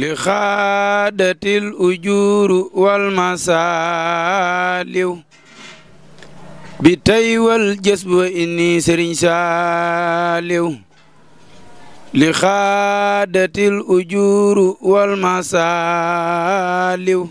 li xaadatil ujuru wal masaaliw bi tey wal jës ba inni sëriñ saaliw li xaadatil ujuru wal saaliw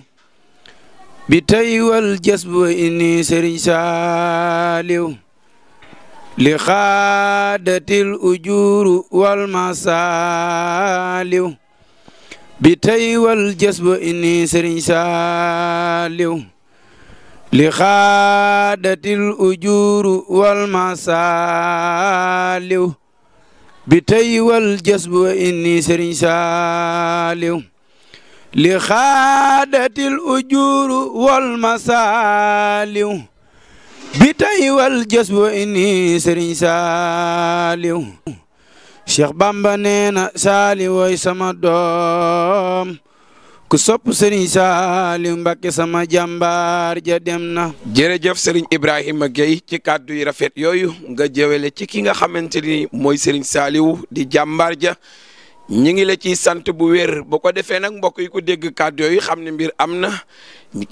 bi tey wal jës ba ini sëriñ saaliw li xaadatil ujuru wal masaaliw wal jës saaliw Cheikh Bamba nee na saali woy sama doom ku sopp Serigne Saliou Mbacké sama jàmbaar ja dem na. jërëjëf Serigne Ibrahima Gueye ci kàddu yi rafet yooyu nga jëwele ci ki nga xamante ni mooy Serigne Saliou di jàmbaar ja ñu ngi la ciy sant bu wér bu ko defee nag mbokk yi ko dégg kàddu yooyu xam ne mbir am na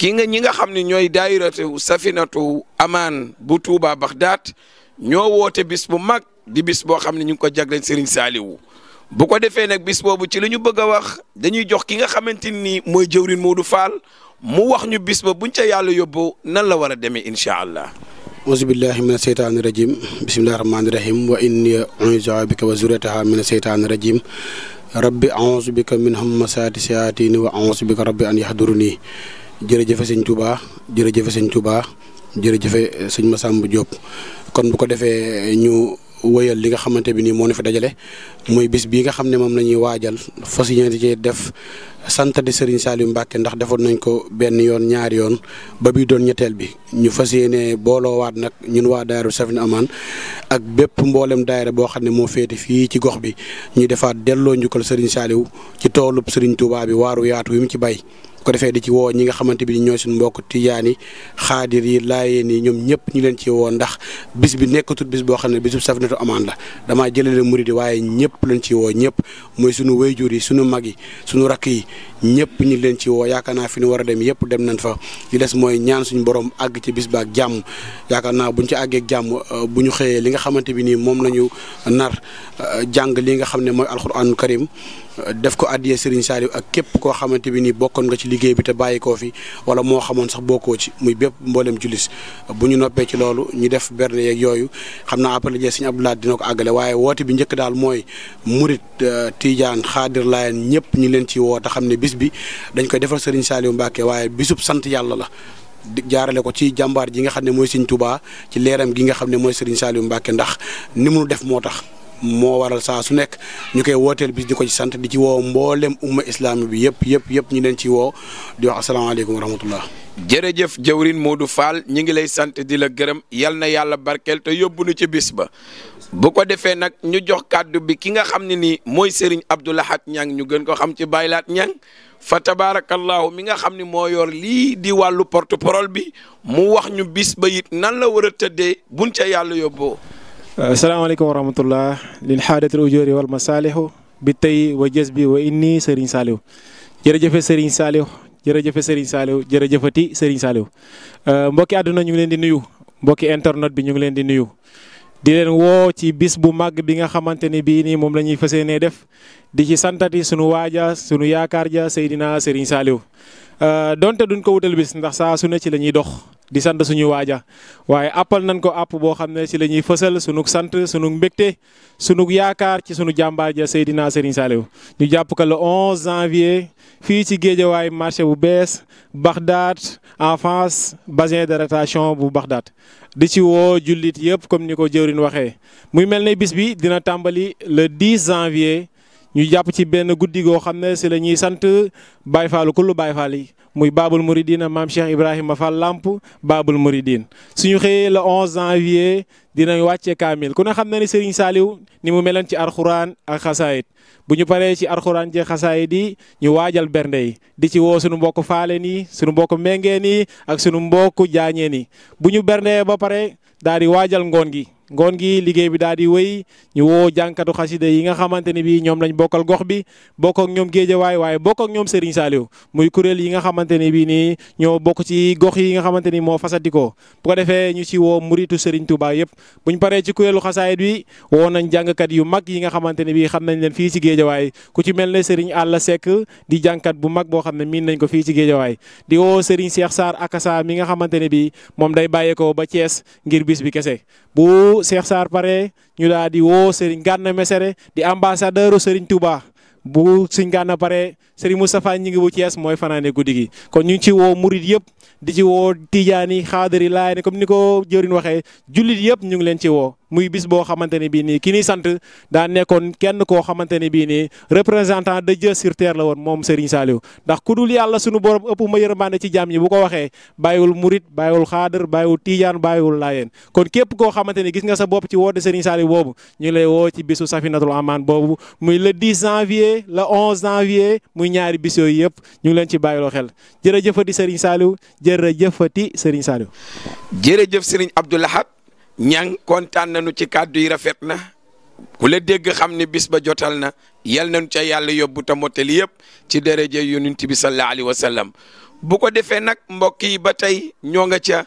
ki nga ñi nga xam ne ñooy daayiratu safinatu amaan bu Touba Bagdad ñoo woote bis bu mag. di bis boo xam ne ñu ngi ko jagleel Serigne Saliou bu ko defee nag bis boobu ci li ñu bëgg a wax dañuy jox ki nga xamante ni mooy jëwrin Modou faal mu wax ñu bis ba buñ ca yàlla yóbbu nan la war demee incha allah. auzu billahi mina seytaani rajim bismillahi rahmaani rahim wa inni u'iizuha bika wa zurriyataha mina seytaani rajim rabbi a'uuzu bika min hamasaati sayaatini wa a'uuzu bika rabbi an yahduruni jërëjëfe sëñ Touba jërëjëfe sëñ Touba jërëjëfe sëñ Massamba Diop kon bu ko defee ñu. wëyal li nga xamante bi nii moo ñu fi dajale muy bis bii nga xam ne moom la ñuy waajal fas yéene ci def sant di Serigne Saliou mbàkke ndax defoon nañ ko benn yoon ñaari yoon ba bii doon ñetteel bi ñu fas yéene booloowaat nag ñun waa Daayira Safina Amaan ak bépp mboolem daayira boo xam ne moo féete fii ci gox bi ñu defaat delloo njukkal Serigne saaliw ci toolub sëriñ Touba bi waaru yaatu wi mu ci bay. ko defee di ci woo ñi nga xamante bi ñooy suñu mbokk tijaan yi xaadir yi laayeen yi ñoom ñëpp ñu leen ci woo ndax bis bi nekkatul bis boo xam ne bisub safinatu amaan la damaa jëlale murid yi waaye ñëpp leen ci ñëpp mooy suñu wayjur yi suñu mag yi suñu rakk yi ñëpp ñu leen ci woo yaakaar naa fi ñu war a dem yëpp dem nañ fa yi des mooy ñaan suñu borom àgg ci bis ba ak jàmm yaakaar naa bu ñu ci àggee ak jàmm euh, bu ñu xëyee li nga xamante bi nii moom la ñu nar euh, jàng li nga xam ne mooy alxuraanul karim def ko àddiyee Serigne Saliou ak képp koo xamante bi nii bokkoon nga ci liggéey bi te bàyyi koo fi wala moo xamoon sax bokkoo ci muy bépp mboolem jullis bu ñu noppee ci loolu ñu def berne yeeg yooyu xam naa après jee Serigne Abdoulaye dina ko àggale waaye woote bi njëkk daal mooy murit euh, Tidiane Xaadir Laayeen ñëpp ñu leen ci woo te xam ne bis bi dañ koy defal Serigne Saliou Mbacke waaye bisub sant yàlla la. jaarale ko ci jàmbaar ji nga xam ne mooy Serigne Touba ci leeram gi nga xam ne mooy Serigne Saliou Mbacke ndax ni mu def moo tax. moo waral saa su nekk ñu koy wooteel bis di ko ci sant di ci woo mboolem umma islaam bi yëpp yëpp yëpp ñu leen ci woo di wax asalaamaaleykum wa rahmatullah jërëjëf jëwrin Modou Fall ñu ngi lay sant di la gërëm yal na yàlla barkeel te yóbbu nu ci bis ba bu ko defee nag ñu jox kàddu bi ki nga xam ne nii mooy Serigne Abdou Lahat Niang ñu gën ko xam ci Baylaat Niang fa tabaarakallaahu mi nga xam ni moo yor lii di wàllu porte-parole bi mu wax ñu bis ba it nan la war a tëddee buñ ca yàlla yóbboo Euh, salaamaaleykum wa rahmatullah lil xaadatil ujoori wal masaalihu bi tey wa jës bi wa inni Serigne Saliou jërëjëfe Serigne Saliou jërëjëfe Serigne Saliou jërëjëfati Serigne Saliou euh, mbokki àdduna ñu ngi leen di nuyu mbokki internet bi ñu ngi leen di nuyu di leen woo ci bis bu mag bi nga xamante ni bii nii moom la ñuy fas yéenee def di ci santati sunu waaja sunu yaakaar ja Seydina Serigne Saliou Euh, donte duñ ko wutal bis ndax saa sune ci la ñuy dox di sant suñu waaja waaye appal nañ ko app boo xam ne ci la ñuy fësal sunug sant sunug mbégte sunug yaakaar ci sunu jàmbaar ja Seydina Serigne Saliou ñu jàpp ko le 11 janvier fii ci Géejawaay marché bu bees Bagdad en face bassin de ratation bu Bagdad di ci woo jullit yëpp comme ni ko jëwrin waxee muy mel ne bis bi dina tàmbali le 10 janvier ñu jàpp ci benn guddi goo xam ne si la ñuy sant Baye Fallou kullu Baye Fall muy Baabul Mouridine maam Cheikh Ibrahima Fall Lamp Baabul su ñu xëyee le 11 janvier dinañ wàccee kaamil ku ne xam na ni Serigne Saliou ni mu meloon ci arxuraan ak xasaayit bu ñu paree ci arxuraan jee xasaayit yi ñu waajal bernde yi di ci woo suñu mbokk faaleen yi suñu mbokk méngeen yi ak suñu mbokk jaañeen ni bu ñu berndee ba pare daal di waajal ngoon gi. ngoon gi liggéey bi daal di wéy ñu woo jànkatu xasida yi nga xamante ni bii ñoom lañ bokkal gox bi bokk ak ñoom géejawaay waaye bokk ak ñoom Serigne Saliou muy kuréel yi nga xamante ni bii nii ñoo bokk ci gox yi nga xamante ni moo fasatikoo bu ko defee ñu ci woo muritu Serigne Touba yëpp buñ paree ci kuréelu xasaayit bi woo nañ jàngkat yu mag yi nga xamante ni bii xam nañ leen fii ci géejawaay ku ci mel ne Serigne Alla Seck di jànkat bu mag boo xam ne miin nañ ko fii ci géejawaay di woo Serigne Cheikh Sarr Akassa mi nga xamante ne bii moom day bàyyeekoo ba Thiès ngir bis bi kese bu Cheikh Sarr pare ñu daal di woo Serigne Gana Messere di ambassadeur Serigne Touba bu Serigne Gana pare Serigne Moustapha ñi ngi bu Thiès mooy fanaane guddi gi kon ñu ci woo murit yëpp di ci woo Tidiane yi xaadari laay ne comme ni ko jëriñ waxee jullit yëpp ñu ngi leen ci woo. muy bis boo xamante ne bii nii ki ñuy sant daa nekkoon kenn koo xamante ne bii nii représentant de Dieu sur la woon moom Serigne Saliou ndax ku dul yàlla sunu borom ëpp ma yërmande ci jaam ñi bu ko waxee bàyyiwul murit bàyyiwul xaadar bàyyiwul tiijaan bàyyiwul laayeen kon képp koo xamante ne gis nga sa bopp ci woote Serigne Saliou boobu ñu lay woo ci bisu Safinatul Aman boobu muy le 10 janvier le 11 janvier muy ñaari bis yooyu yëpp ñu ngi leen ci bàyyiloo xel jërëjëfati Serigne Saliou jërëjëfati Serigne Saliou jërëjëf Serigne Abdoul Ahad ñang kontaan nañu ci kàddu yi rafet na ku la dégg xam ni bis ba jotal na yal nañu ca yàlla yóbbu ta motali yëpp ci daraja yonent bi sallallahu alayhi wa sallam bu ko defee nag mbokk yi ba tey ñoo nga ca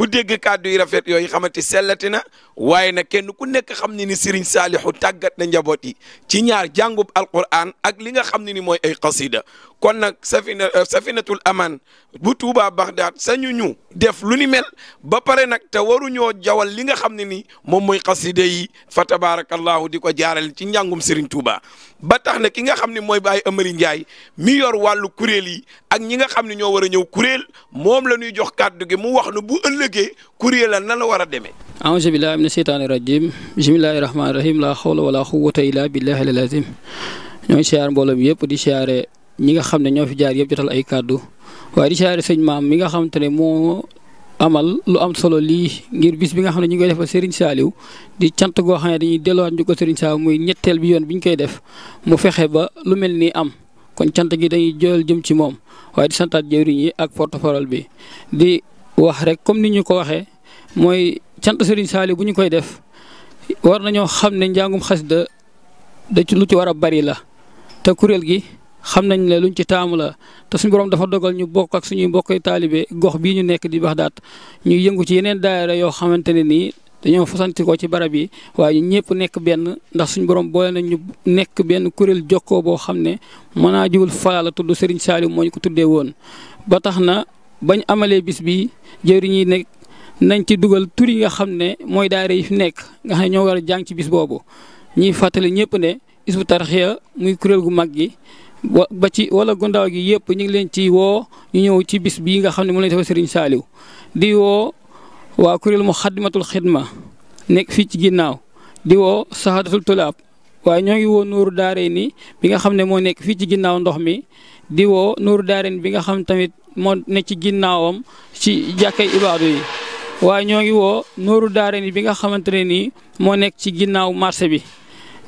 ku dégg kàddu yi rafet yooyu xamante sellati na waaye nag kenn ku nekk xam ne ni Serigne Salihu tàggat na njaboot yi ci ñaar jàngub Alqur'an ak li nga xam ne ni mooy ay qasida kon nag safina euh, safinatul aman bu Touba Baghdad sañu ñu def lu ni mel ba pare nag te waruñoo jawal li nga xam ne ni moom mooy qasida yi fa tabarakallahu di ko jaaral ci njàngum Serigne Touba ba tax na ki nga xam ne mooy Baye Amary Ndiaye mi yor wàllu kuréel yi ak ñi nga xam ne ñoo war a ñëw kuréel moom la ñuy jox kàddu gi mu wax ne bu ëllëgee kuréel la na la war a demee aouzu billahi mina sheytaani rajim bismillahi rahmaani rahim la xool wala quwwata illa billahi al azim ñooy siyaar mbooloo mi yëpp di siyaare ñi nga xam ne ñoo fi jaar yëpp jotal ay kàddu waaye di siyaare sëñ maam mi nga xam te ne moo amal lu am solo lii ngir bis bi nga xam ne ñu ngi koy defal Serigne Saliou di cant goo xam ne dañuy delluwaat ñu ko Serigne Saliou muy ñetteel bi yoon bi ñu koy def mu fexe ba lu mel nii am kon cant gi dañuy jël jëm ci moom waaye di santaat jëwriñ yi ak porte-parole bi di wax rek comme ni ñu ko waxee mooy cant Serigne Saliou bu ñu koy def war nañoo xam ne njàngum xasida da ci lu ci war a bari la te kuréel gi. xam nañ ne luñ ci taamu la te suñu borom dafa dogal ñu bokk ak suñuy mbokk taalibe gox bii ñu nekk di Baxdaat ñuy yëngu ci yeneen daayira yoo xamante ne nii dañoo fasanti ci barab yi waaye ñëpp nekk benn ndax suñu borom boo nañ ñu nekk benn kuréel jokkoo boo xam ne mën naa jiwul falaa tudd Serigne saalim mooy ñu ko tuddee woon. ba tax na bañ amalee bis bi jëwriñ yi nekk nañ ci dugal tur yi nga xam ne mooy daayira yi fi nekk nga xam ne ñoo war a bis boobu ñuy fàttali ñëpp ne Hizbut Tarqiyyah kuréel gu mag gi. wa ba ci wala gondaaw gi yëpp ñu ngi leen ci woo ñu ñëw ci bis bii nga xam ne moom lañ defal Serigne Saliou di woo waa kuréel mu xaddimatul xidma nekk fii ci ginnaaw di woo saxaadatul tulaab waaye ñoo ngi woo Nuuru Daarayni bi nga xam ne moo nekk fii ci ginnaaw ndox mi di woo Nuuru Daarayni bi nga xam tamit moo nekk ci ginnaawam ci jàkkay ibaadu yi waaye ñoo ngi woo Nuuru Daarayni bi nga xamante ne nii moo nekk ci ginnaaw marché bi.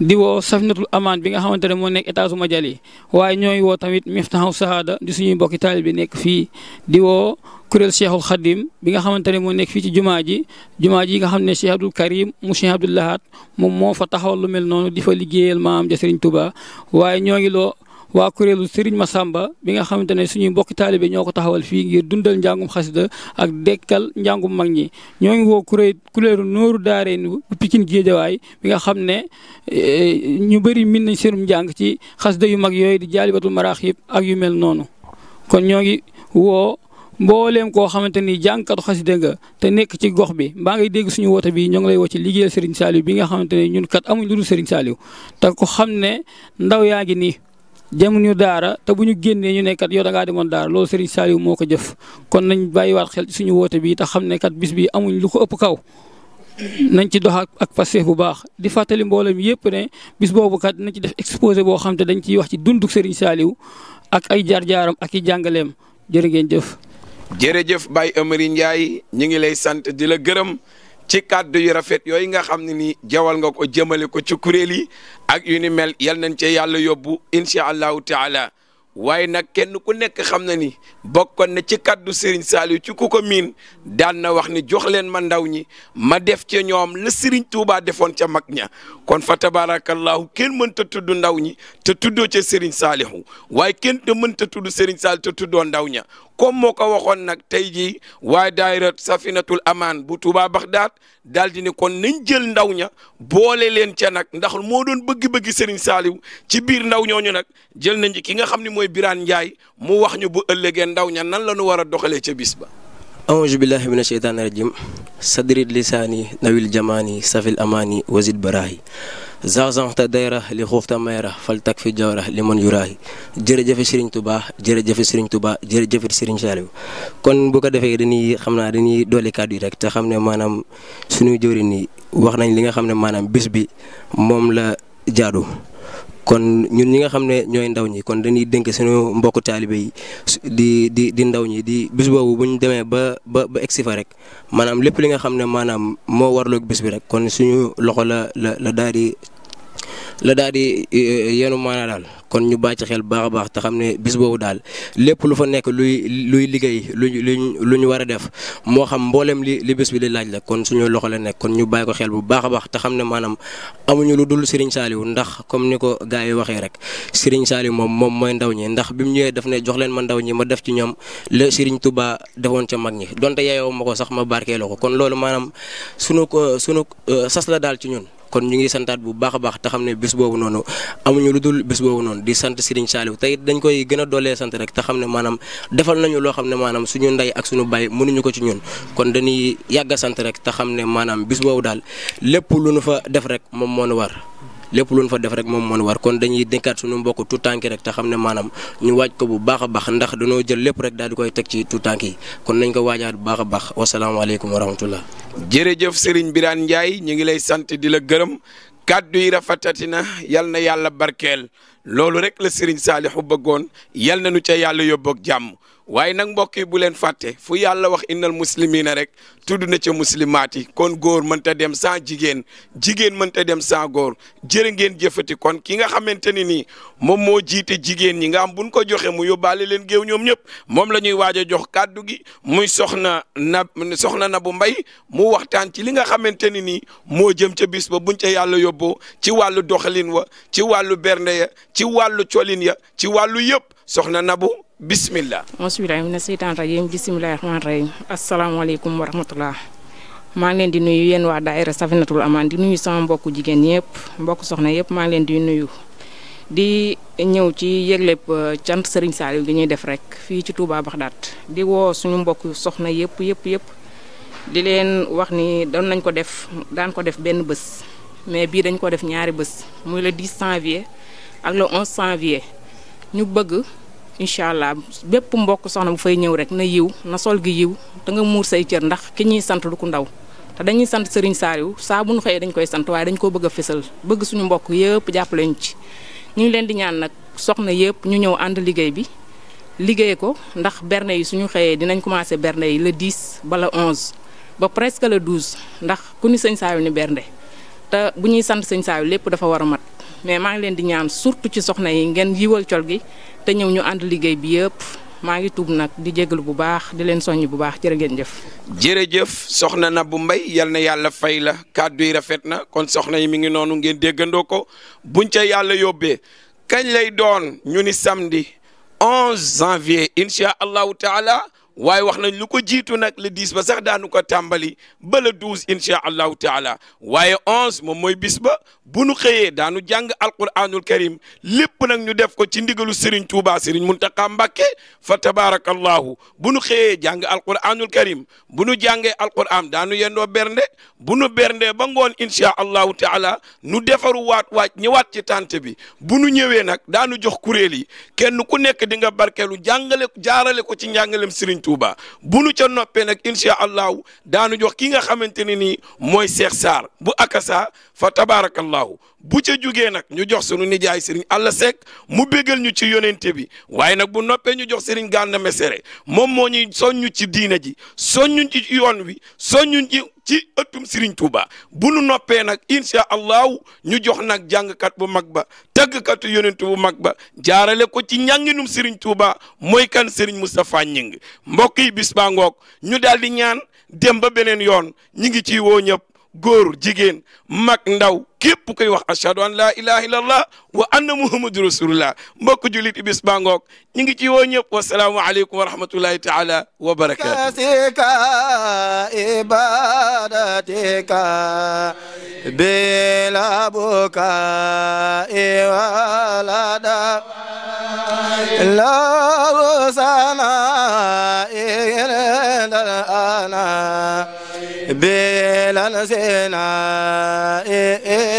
di woo safinatul amaan bi nga xamante ne moo nekk étage Madiali waaye ñooy woo tamit miftahu sahada di suñuy bokki taalib bi nekk fii di woo kuréel cheikhul xadim bi nga xamante ne moo nekk fii ci jumaa ji jumaa ji nga xam ne cheikh abdul karim mu cheikh abdul lahat moom moo fa taxawal lu mel noonu di fa liggéeyal maam ja sëriñ Tuubaa waaye ñoo ngi loo waa kuréelu Serigne Massamba bi nga xamante ne suñuy mbokki taalibe ñoo ko taxawal fii ngir dundal njàngum xasida ak dekkal njàngum mag ñi ñoo ngi woo kuréel kuréelu nooru daaree bu Pikine Géejawaay bi nga xam ne eh, ñu bëri min nañ seenum njàng ci xasida yu mag yooyu di jaalibatul maraaxib ak yu mel noonu kon ñoo ngi woo koo xamante ni jàngkatu xasida nga te nekk ci gox bi mbaa ngay dégg suñu woote bi ñoo ngi lay woo ci liggéeyal Serigne Saliou bi nga xamante ne ñun kat amuñ lu dul Serigne Saliou te ko xam ne ndaw yaa ngi nii demuñu daara te bu ñu génnee ñu nekkat kat yow da demoon daara loolu Serigne Saliou moo ko jëf kon nañ bàyyiwaat xel ci suñu woote bi te xam ne kat bis bi amuñ lu ko ëpp kaw. nañ ci dox ak Pastef bu baax di fàttali mbooloo mi yëpp ne bis boobu kat nañ ci def exposé boo xam te dañ ciy wax ci dunduk Serigne Saliou ak ay jaar-jaaram ak i jàngaleem jërë ngeen jëf. jërëjëf Baye Amary Ndiaye ñu ngi lay sant di la gërëm. ci kàddu yu rafet yooyu nga xam ne nii jawal nga ko jëmale ko ci kuréel yi ak yu ni mel yal nañ ca yàlla yóbbu incha allahu taala waaye nag kenn ku nekk xam na ni bokkon na ci kàddu Serigne Saliou ci ku ko miin daan na wax ni jox leen ma ndaw ñi ma def ca ñoom la Serigne Touba defoon ca mag ña kon fa tabaarakallahu kenn mënta tuddu ndaw ñi te tuddoo ca Serigne Saliou waaye kenn te mënta tudd Serigne Saliou te tuddoo ndaw ña comme moo ko waxoon nag tey jii waa daayira safinatul amaan bu Touba Bagdad daal di ne kon nañ jël ndaw ña boole leen ca nag ndax moo doon bëgg-bëgg Serigne Saliou ci biir ndaw ñooñu nag jël nañ ci ki nga xam ne mooy Birane Ndiaye mu wax ñu bu ëllëgee ndaw ña nan la ñu war a doxalee ca bis ba. awuusu billaahi mina sheytaani rajiim sadrid lisaani nawil jamaani safil amaani wasid baraahi zaxzaxta dayra li xuufta mayra fal tak fi jawra li mën yuraahi jërëjëfe sëriñ Tuubaa jërëjëfe sëriñ Tuubaa jërëjëfe sëriñ Saaliw kon bu ko defee dañuy xam naa dañuy doole kàddu yi rek te xam ne maanaam suñuy jëwriñ nii wax nañ li nga xam ne maanaam bis bi moom la jaado kon ñun ñi nga xam ne ñooy ndaw ñi kon dañuy dénk suñu mbokk taalibe yi di di di ndaw ñi di bis boobu bu ñu demee ba ba ba egsi fa rek maanaam lépp li nga xam ne maanaam moo warloog bis bi rek kon suñu loxo la la la daal di la daal di eh, yenu maana daal kon ñu bàyyi ci xel baax a baax te xam ne bis boobu daal lépp lu fa nekk luy luy liggéey luñ luñ lu ñu war a def moo xam mboolem li li bis bi di laaj la kon suñu loxo la nekk kon ñu bàyyi ko xel bu baax a baax te xam ne maanaam amuñu lu dul Serigne Saliou ndax comme ni ko gars yi waxee rek Serigne Saliou moom moom mooy ndaw ñi ndax bi mu ñëwee daf ne jox leen ma ndaw ñi ma def ci ñoom la Serigne Touba defoon ca mag ñi donte yeyoo ma ko sax ma barkeeloo ko kon loolu maanaam sunu sunu eh, sas la daal ci ñun. kon ñu ngi santaat bu baax a baax te xam ne bés boobu noonu amuñu lu dul bés boobu noonu di sant Serigne Saliou tey dañ koy gëna a doolee sant rek te xam ne maanaam defal nañu loo xam ne maanaam suñu ndey ak suñu baay mënuñu ko ci ñun kon dañuy yàgg sant rek te xam ne maanaam bis boobu daal lépp lu nu fa def rek moom moo nu war lépp lu ñu fa def rek moom moo war kon dañuy dénkaat suñu mbokk tout tànk rek te xam ne maanaam ñu waaj ko bu baax a baax ndax dañoo jël lépp rek daal di koy teg ci tu tànk yi kon nañ ko waajaat bu baax a baax wasalaamaaleykum wa rahmatullah. jërëjëf Serigne Birane Ndiaye ñu ngi lay sant di la gërëm kàddu yi rafetati na yal na yàlla barkeel loolu rek la Serigne Saliou bëggoon yal na nu ca yàlla yóbboog jàmm waaye nag mbokk yi bu leen fàtte fu yàlla wax innal muslimina rek tudd na ca muslimaat yi kon góor mënta dem sans jigéen jigéen mënta dem sans góor jërë ngeen jëfati kon ki nga xamante ni nii moom moo jiite jigéen ñi nga am buñ ko joxe mu yóbbaale leen géew ñoom ñëpp moom la ñuy waaj a jox kàddu gi muy soxna na soxna na bu mbay mu waxtaan ci li nga xamante ni nii moo jëm ca bis ba buñ ca yàlla yóbboo ci wàllu doxalin wa ci wàllu bernde ya ci wàllu colin ya ci wàllu yëpp soxna nabu bismillah mosbilahi mina seytaan rajim bisimilahi rahmaan rahim asalaamaaleykum wa rahmatullah maa ngi leen di nuyu wax waa daayira safinatul amaan di nuyu sama mbokku jigéen yëpp mbokk soxna yëpp maa leen di nuyu di ñëw ci yëgleb euh, cant Serigne Saliou gi ñuy def rek fii ci Touba Baxdaat di woo suñu mbokk soxna yëpp yëpp yëpp di leen wax ni doon nañ ko def daan ko def benn bës mais bii dañ ko def ñaari bës muy la 10 janvier ak le 11 janvier ñu bëgg incha allah bépp mbokk soxna bu fay ñëw rek na yiw na sol gi yiw da nga muur say cër ndax ki ñuy sant du ko ndaw te dañuy sant Serigne Saliou saa bu xëyee dañ koy sant waaye dañ ko bëgg a bëgg suñu mbokk yëpp jàppale ñu ci ñu leen di ñaan nag soxna yëpp ñu ñëw ànd liggéey bi liggéey ko ndax berne yi suñu xëyee dinañ commencé berne yi le 10 ba le 11 ba presque le douze ndax ku ni sëñ Saliou ni bernde te bu ñuy sant sëñ Saliou lépp dafa war a mat mais maa ngi leen di ñaan surtout ci soxna yi ngeen yiwal col gi te ñëw ñu ànd liggéey bi yëpp maa ngi tuub nag di jégalu bu baax di leen soññ bu baax jërë ngeen jëf. jërëjëf soxna bu mbay yal na yàlla fay la kàddu yi rafet na kon soxna yi mi ngi noonu ngeen déggandoo ko buñ ca yàlla yóbbee kañ lay doon ñu ni samedi 11 janvier incha allahu taala. waaye wax nañ lu ko jiitu nag le 10 ba sax daanu ko tàmbali ba le 12 incha allahu taala waaye 11 moom mooy bis ba bu nu xëyee daanu jàng alquranul karim lépp nag ñu def ko ci ndigalu Serigne Touba Serigne Mountakha Mbacké fa tabarakallahu bu nu xëyee jàng alquranul karim bu nu jàngee alquran daanu yendoo bernde bu nu bernde ba ngoon incha allahu taala nu defaru waat waaj ñëwaat ci tante bi bu nu ñëwee nag daanu jox kuréel yi kenn ku nekk di nga barkeelu jàngale jaarale ko ci njàngalem Serigne Touba bu nu ca noppee nag incha allahu daanu jox ki nga xamante ne nii mooy Cheikh Sarr bu akasa fa tabaarakallahu bu ca jugee nag ñu jox sunu nijaay Serigne Alla Seck mu bégal ñu ci yonente bi waaye nag bu noppee ñu jox Serigne Gana Messere moom moo ñuy soññu ci diina ji soññu ci yoon wi soññu ci ci ëttum Serigne Touba bu nu noppee nag incha allahu ñu jox nag jàngkat bu mag ba tàggkatu yonent bu mag ba jaarale ko ci njànginum Serigne Touba mooy kan Serigne Moustapha Ñing mbokk yi bis baa ngoog ñu daal di ñaan dem beneen yoon ñi ngi ciy woo ñëpp góor jigéen mag ndaw képp koy wax ashhadu an la ilaha illallah wa anna muhammadu rasulullah mbokk julit i bis bangoog ñi ngi ci woo ñëpp wasalaamu aleykum wa rahmatullahi taala wa barakatu sika ibadatika bila buka iwalada law sana ana سينا